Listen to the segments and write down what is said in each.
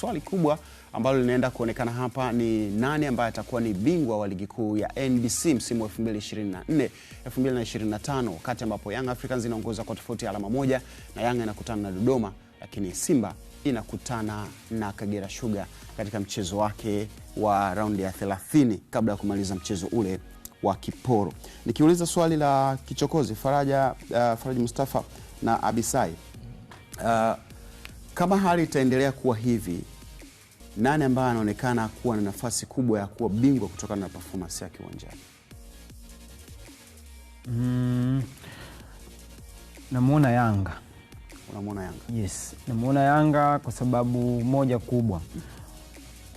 Swali kubwa ambalo linaenda kuonekana hapa ni nani ambaye atakuwa ni bingwa wa ligi kuu ya NBC msimu wa 2024 2025, wakati ambapo Young Africans inaongoza kwa tofauti ya alama moja na Yanga inakutana na Dodoma, lakini Simba inakutana na Kagera Sugar katika mchezo wake wa raundi ya 30 kabla ya kumaliza mchezo ule wa kiporo. Nikiuliza swali la kichokozi Faraja, uh, Faraja Mustafa na Abisai uh, kama hali itaendelea kuwa hivi, nani ambaye anaonekana kuwa na nafasi kubwa ya kuwa bingwa kutokana na performance yake uwanjani? Mm, namwona Yanga. Unamwona Yanga? Yes, namwona Yanga kwa sababu moja kubwa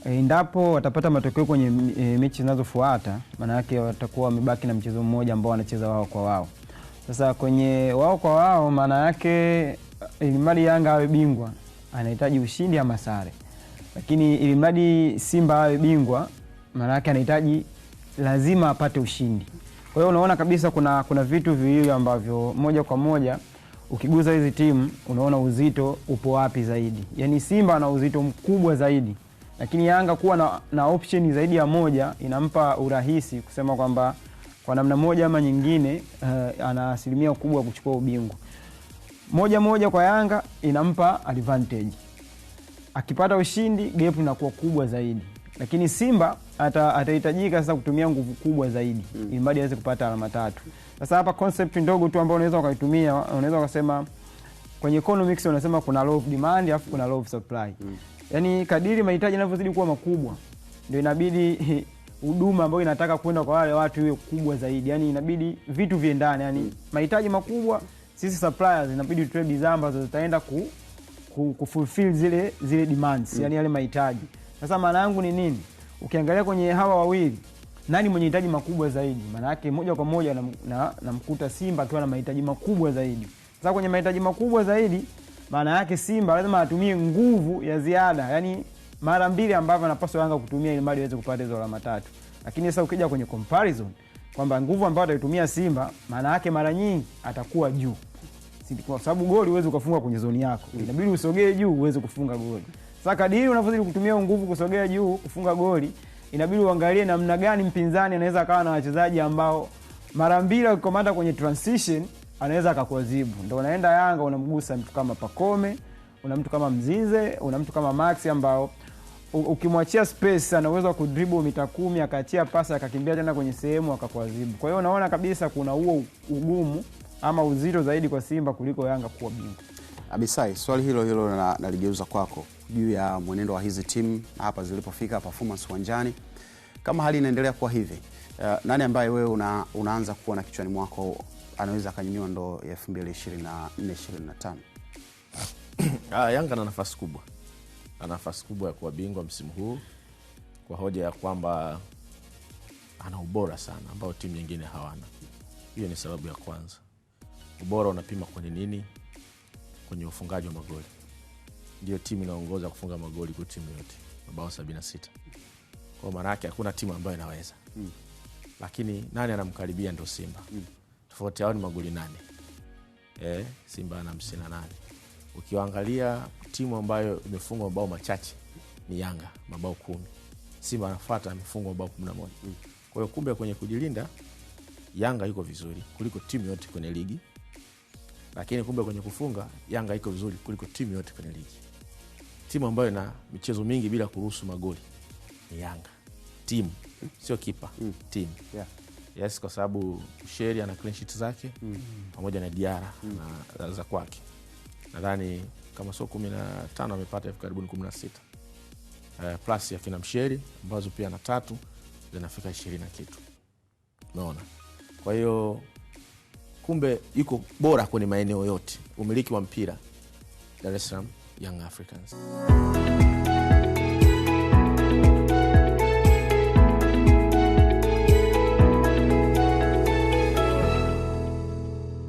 endapo watapata matokeo kwenye e, mechi zinazofuata, maana yake watakuwa wamebaki na mchezo mmoja ambao wanacheza wao kwa wao. Sasa kwenye wao kwa wao, maana yake ilimali Yanga awe bingwa anahitaji ushindi ama sare, lakini ili mradi Simba awe bingwa, maanaake anahitaji lazima apate ushindi. Kwa hiyo unaona kabisa kuna, kuna vitu viwili ambavyo moja kwa moja ukiguza hizi timu unaona uzito upo wapi zaidi. Yaani Simba ana uzito mkubwa zaidi, lakini Yanga kuwa na, na option zaidi ya moja inampa urahisi kusema kwamba kwa namna moja ama nyingine uh, ana asilimia kubwa kuchukua ubingwa moja moja kwa Yanga inampa advantage. Akipata ushindi gap inakuwa kubwa zaidi, lakini Simba atahitajika ata sasa kutumia nguvu kubwa zaidi mm. ilimbadi aweze kupata alama tatu. Sasa hapa concept ndogo tu ambayo unaweza ukaitumia, unaweza ukasema kwenye economics unasema kuna low demand alafu kuna low supply mm. Yaani kadiri mahitaji yanavyozidi kuwa makubwa ndio inabidi huduma ambayo inataka kwenda kwa wale watu iwe kubwa zaidi, yaani inabidi vitu viendane, yaani mm. mahitaji makubwa sisi suppliers inabidi tutoe bidhaa ambazo zitaenda ku, ku, kufulfill zile, zile demands mm. yani yale mahitaji. Sasa maana yangu ni nini? Ukiangalia kwenye hawa wawili nani mwenye hitaji makubwa zaidi? Maana yake moja kwa moja namkuta na, na Simba akiwa na mahitaji makubwa zaidi. Sasa kwenye mahitaji makubwa zaidi, maana yake Simba lazima atumie nguvu ya ziada, yani mara mbili ambavyo anapaswa Yanga kutumia ili mali aweze kupata hizo alama tatu. Lakini sasa ukija kwenye comparison kwamba nguvu ambayo ataitumia Simba maana yake mara nyingi atakuwa juu, kwa sababu goli uwezi ukafunga kwenye zoni yako, inabidi usogee juu uweze kufunga goli. Sasa kadiri unavozidi kutumia nguvu kusogea juu kufunga goli, inabidi uangalie namna gani mpinzani anaweza akawa na wachezaji ambao mara mbili akikomanda kwenye transition anaweza akakuazibu Ndo unaenda Yanga unamgusa mtu kama Pakome, una mtu kama Mzize, una mtu kama Maxi ambao ukimwachia space ana uwezo wa kudribble mita kumi akaachia pasi akakimbia tena kwenye sehemu akakwazibu. Kwa hiyo unaona kabisa kuna huo ugumu ama uzito zaidi kwa Simba kuliko Yanga kuwa bingwa. Abisai, swali hilo hilo naligeuza na kwako juu ya mwenendo wa hizi timu hapa zilipofika performance uwanjani, kama hali inaendelea kuwa hivi uh, nani ambaye wewe una, unaanza kuwa na kichwani mwako anaweza akanyanyua ndoo ya 2024 25? Ah, Yanga na nafasi kubwa ana nafasi kubwa ya kuwa bingwa msimu huu kwa hoja ya kwamba ana ubora sana ambao timu nyingine hawana. Hiyo ni sababu ya kwanza. Ubora unapima kwenye nini? Kwenye ufungaji wa magoli. Ndio timu inaongoza kufunga magoli kwa timu yote, mabao sita kwao, maana yake hakuna timu ambayo inaweza mm. Lakini nani anamkaribia? Ndo Simba mm. Tofauti yao ni magoli nane. Eh, Simba ana nane ukiwaangalia timu ambayo imefungwa mabao machache ni Yanga, mabao kumi. Simba anafata amefungwa mabao kumi na moja. Kwa hiyo kumbe kwenye kujilinda Yanga iko vizuri kuliko timu yote kwenye ligi, lakini kumbe kwenye kufunga Yanga iko vizuri kuliko timu yote kwenye ligi. Timu ambayo ina michezo mingi bila kuruhusu magoli ni Yanga, timu sio kipa, mm. timu yeah. Yes, kwa sababu Sheri ana clean sheet zake mm. pamoja mm. na Diara mm. na za kwake nadhani kama sio kumi na tano amepata elfu karibuni kumi na sita uh, plus ya finamsheri ambazo pia na tatu zinafika ishirini na kitu umeona kwa hiyo kumbe yuko bora kwenye maeneo yote umiliki wa mpira dar es salaam young africans